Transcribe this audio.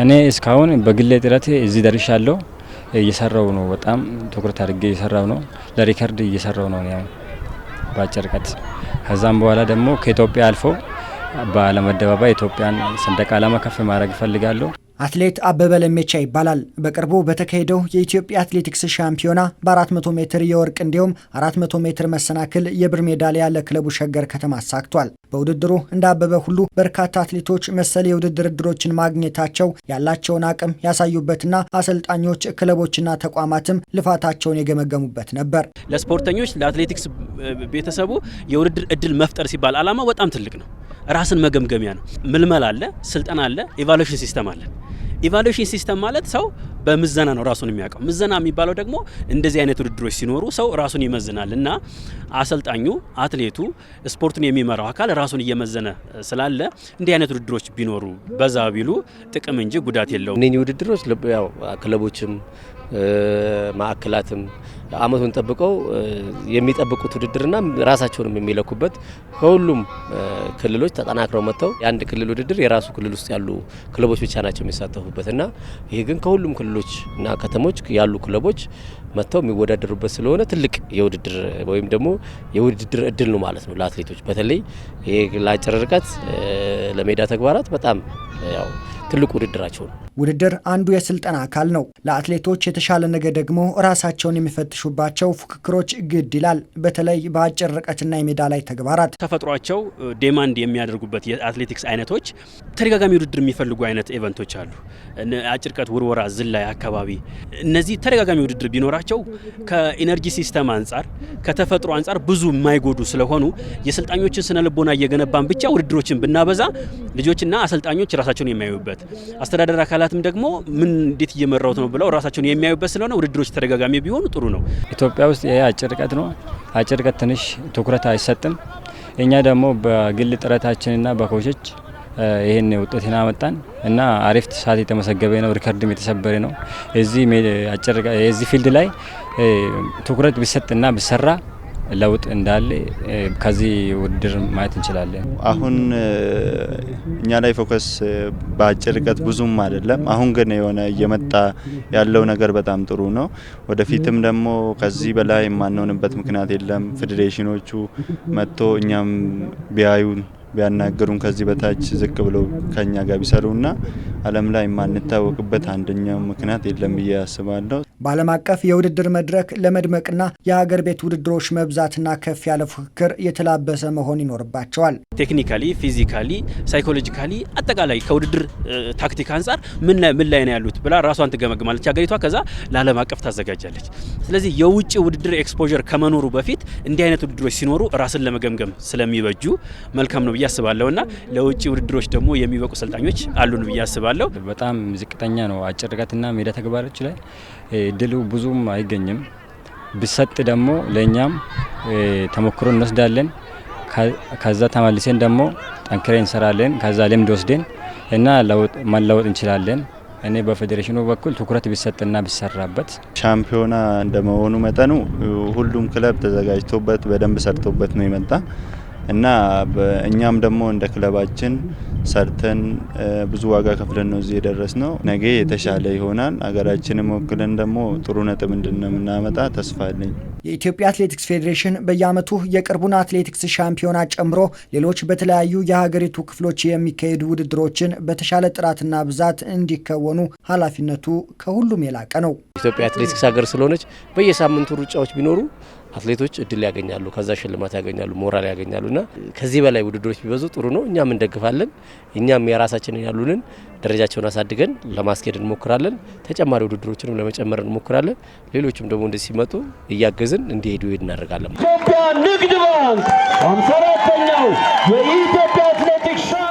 እኔ እስካሁን በግሌ ጥረት እዚህ ደርሻለሁ። እየሰራው ነው። በጣም ትኩረት አድርጌ እየሰራው ነው። ለሪከርድ እየሰራው ነው ያው በአጭር ርቀት ከዛም በኋላ ደግሞ ከኢትዮጵያ አልፎ በዓለም አደባባይ ኢትዮጵያን ሰንደቅ ዓላማ ከፍ ማድረግ እፈልጋለሁ። አትሌት አበበ ለሜቻ ይባላል። በቅርቡ በተካሄደው የኢትዮጵያ አትሌቲክስ ሻምፒዮና በ400 ሜትር የወርቅ እንዲሁም 400 ሜትር መሰናክል የብር ሜዳሊያ ለክለቡ ሸገር ከተማ አሳክቷል። በውድድሩ እንደ አበበ ሁሉ በርካታ አትሌቶች መሰል የውድድር እድሎችን ማግኘታቸው ያላቸውን አቅም ያሳዩበትና አሰልጣኞች ክለቦችና ተቋማትም ልፋታቸውን የገመገሙበት ነበር። ለስፖርተኞች ለአትሌቲክስ ቤተሰቡ የውድድር እድል መፍጠር ሲባል ዓላማ በጣም ትልቅ ነው። ራስን መገምገሚያ ነው። ምልመላ አለ፣ ስልጠና አለ፣ ኢቫሉዌሽን ሲስተም አለ። ኢቫሉዌሽን ሲስተም ማለት ሰው በምዘና ነው ራሱን የሚያውቀው። ምዘና የሚባለው ደግሞ እንደዚህ አይነት ውድድሮች ሲኖሩ ሰው ራሱን ይመዝናል እና አሰልጣኙ፣ አትሌቱ፣ ስፖርቱን የሚመራው አካል ራሱን እየመዘነ ስላለ እንዲህ አይነት ውድድሮች ቢኖሩ በዛ ቢሉ ጥቅም እንጂ ጉዳት የለው እነኚህ ውድድሮች ክለቦችም ማዕከላትም አመቱን ጠብቀው የሚጠብቁት ውድድርና ራሳቸውንም የሚለኩበት ከሁሉም ክልሎች ተጠናክረው መጥተው የአንድ ክልል ውድድር የራሱ ክልል ውስጥ ያሉ ክለቦች ብቻ ናቸው የሚሳተፉበት እና ይህ ግን ከሁሉም ክልሎች እና ከተሞች ያሉ ክለቦች መጥተው የሚወዳደሩበት ስለሆነ ትልቅ የውድድር ወይም ደግሞ የውድድር እድል ነው ማለት ነው ለአትሌቶች በተለይ ይህ ለአጭር ርቀት ለሜዳ ተግባራት በጣም ያው ትልቁ ውድድራቸው ነው። ውድድር አንዱ የስልጠና አካል ነው። ለአትሌቶች የተሻለ ነገር ደግሞ ራሳቸውን የሚፈትሹባቸው ፉክክሮች ግድ ይላል። በተለይ በአጭር ርቀትና የሜዳ ላይ ተግባራት ተፈጥሯቸው ዴማንድ የሚያደርጉበት የአትሌቲክስ አይነቶች ተደጋጋሚ ውድድር የሚፈልጉ አይነት ኢቨንቶች አሉ። አጭር ርቀት ውርወራ፣ ዝላይ፣ አካባቢ እነዚህ ተደጋጋሚ ውድድር ቢኖራቸው ከኢነርጂ ሲስተም አንጻር ከተፈጥሮ አንጻር ብዙ የማይጎዱ ስለሆኑ የአሰልጣኞችን ስነ ልቦና እየገነባን ብቻ ውድድሮችን ብናበዛ ልጆችና አሰልጣኞች ራሳቸውን የሚያዩበት አካላት አስተዳደር አካላትም ደግሞ ምን እንዴት እየመራውት ነው ብለው ራሳቸውን የሚያዩበት ስለሆነ ውድድሮች ተደጋጋሚ ቢሆኑ ጥሩ ነው። ኢትዮጵያ ውስጥ ይሄ አጭር ርቀት ነው። አጭር ርቀት ትንሽ ትኩረት አይሰጥም። እኛ ደግሞ በግል ጥረታችንና በኮቾች ይህን ውጤት ናመጣን እና አሪፍ ሰዓት የተመሰገበ ነው። ሪከርድም የተሰበረ ነው። እዚህ ፊልድ ላይ ትኩረት ቢሰጥና ብሰራ ለውጥ እንዳለ ከዚህ ውድድር ማየት እንችላለን። አሁን እኛ ላይ ፎከስ በአጭር ርቀት ብዙም አይደለም። አሁን ግን የሆነ እየመጣ ያለው ነገር በጣም ጥሩ ነው። ወደፊትም ደግሞ ከዚህ በላይ የማንሆንበት ምክንያት የለም። ፌዴሬሽኖቹ መጥቶ እኛም ቢያዩን ቢያናገሩን ከዚህ በታች ዝቅ ብለው ከኛ ጋር ቢሰሩና ዓለም ላይ የማንታወቅበት አንደኛው ምክንያት የለም ብዬ አስባለሁ። በዓለም አቀፍ የውድድር መድረክ ለመድመቅና የሀገር ቤት ውድድሮች መብዛትና ከፍ ያለ ፉክክር የተላበሰ መሆን ይኖርባቸዋል። ቴክኒካሊ፣ ፊዚካሊ፣ ሳይኮሎጂካሊ አጠቃላይ ከውድድር ታክቲክ አንጻር ምን ላይ ነው ያሉት ብላ ራሷን ትገመግማለች ሀገሪቷ። ከዛ ለዓለም አቀፍ ታዘጋጃለች። ስለዚህ የውጭ ውድድር ኤክስፖዠር ከመኖሩ በፊት እንዲህ አይነት ውድድሮች ሲኖሩ ራስን ለመገምገም ስለሚበጁ መልካም ነው ብዬ አስባለሁ እና ለውጭ ውድድሮች ደግሞ የሚበቁ ሰልጣኞች አሉን ብዬ አስባለሁ። በጣም ዝቅተኛ ነው አጭር ርቀትና ሜዳ ተግባሮች ላይ ድሉ ብዙም አይገኝም። ብሰጥ ደግሞ ለእኛም ተሞክሮ እንወስዳለን። ከዛ ተማልሴን ደግሞ ጠንክሬ እንሰራለን። ከዛ ልምድ ወስደን እና መለወጥ እንችላለን። እኔ በፌዴሬሽኑ በኩል ትኩረት ቢሰጥና ቢሰራበት ሻምፒዮና እንደመሆኑ መጠኑ ሁሉም ክለብ ተዘጋጅቶበት በደንብ ሰርቶበት ነው የመጣ እና እኛም ደግሞ እንደ ክለባችን ሰርተን ብዙ ዋጋ ከፍለን ነው እዚህ የደረስ ነው። ነገ የተሻለ ይሆናል። ሀገራችንም ወክለን ደግሞ ጥሩ ነጥብ እንድንምናመጣ ተስፋ አለኝ። የኢትዮጵያ አትሌቲክስ ፌዴሬሽን በየዓመቱ የቅርቡን አትሌቲክስ ሻምፒዮና ጨምሮ ሌሎች በተለያዩ የሀገሪቱ ክፍሎች የሚካሄዱ ውድድሮችን በተሻለ ጥራትና ብዛት እንዲከወኑ ኃላፊነቱ ከሁሉም የላቀ ነው። ኢትዮጵያ አትሌቲክስ ሀገር ስለሆነች በየሳምንቱ ሩጫዎች ቢኖሩ አትሌቶች እድል ያገኛሉ፣ ከዛ ሽልማት ያገኛሉ፣ ሞራል ያገኛሉና ከዚህ በላይ ውድድሮች ቢበዙ ጥሩ ነው። እኛም እንደግፋለን። እኛም የራሳችንን ያሉንን ደረጃቸውን አሳድገን ለማስኬድ እንሞክራለን። ተጨማሪ ውድድሮችንም ለመጨመር እንሞክራለን። ሌሎችም ደግሞ እንደዚህ ሲመጡ እያገዝን እንዲሄዱ እናደርጋለን። ኢትዮጵያ ንግድ ባንክ አምሳ የኢትዮጵያ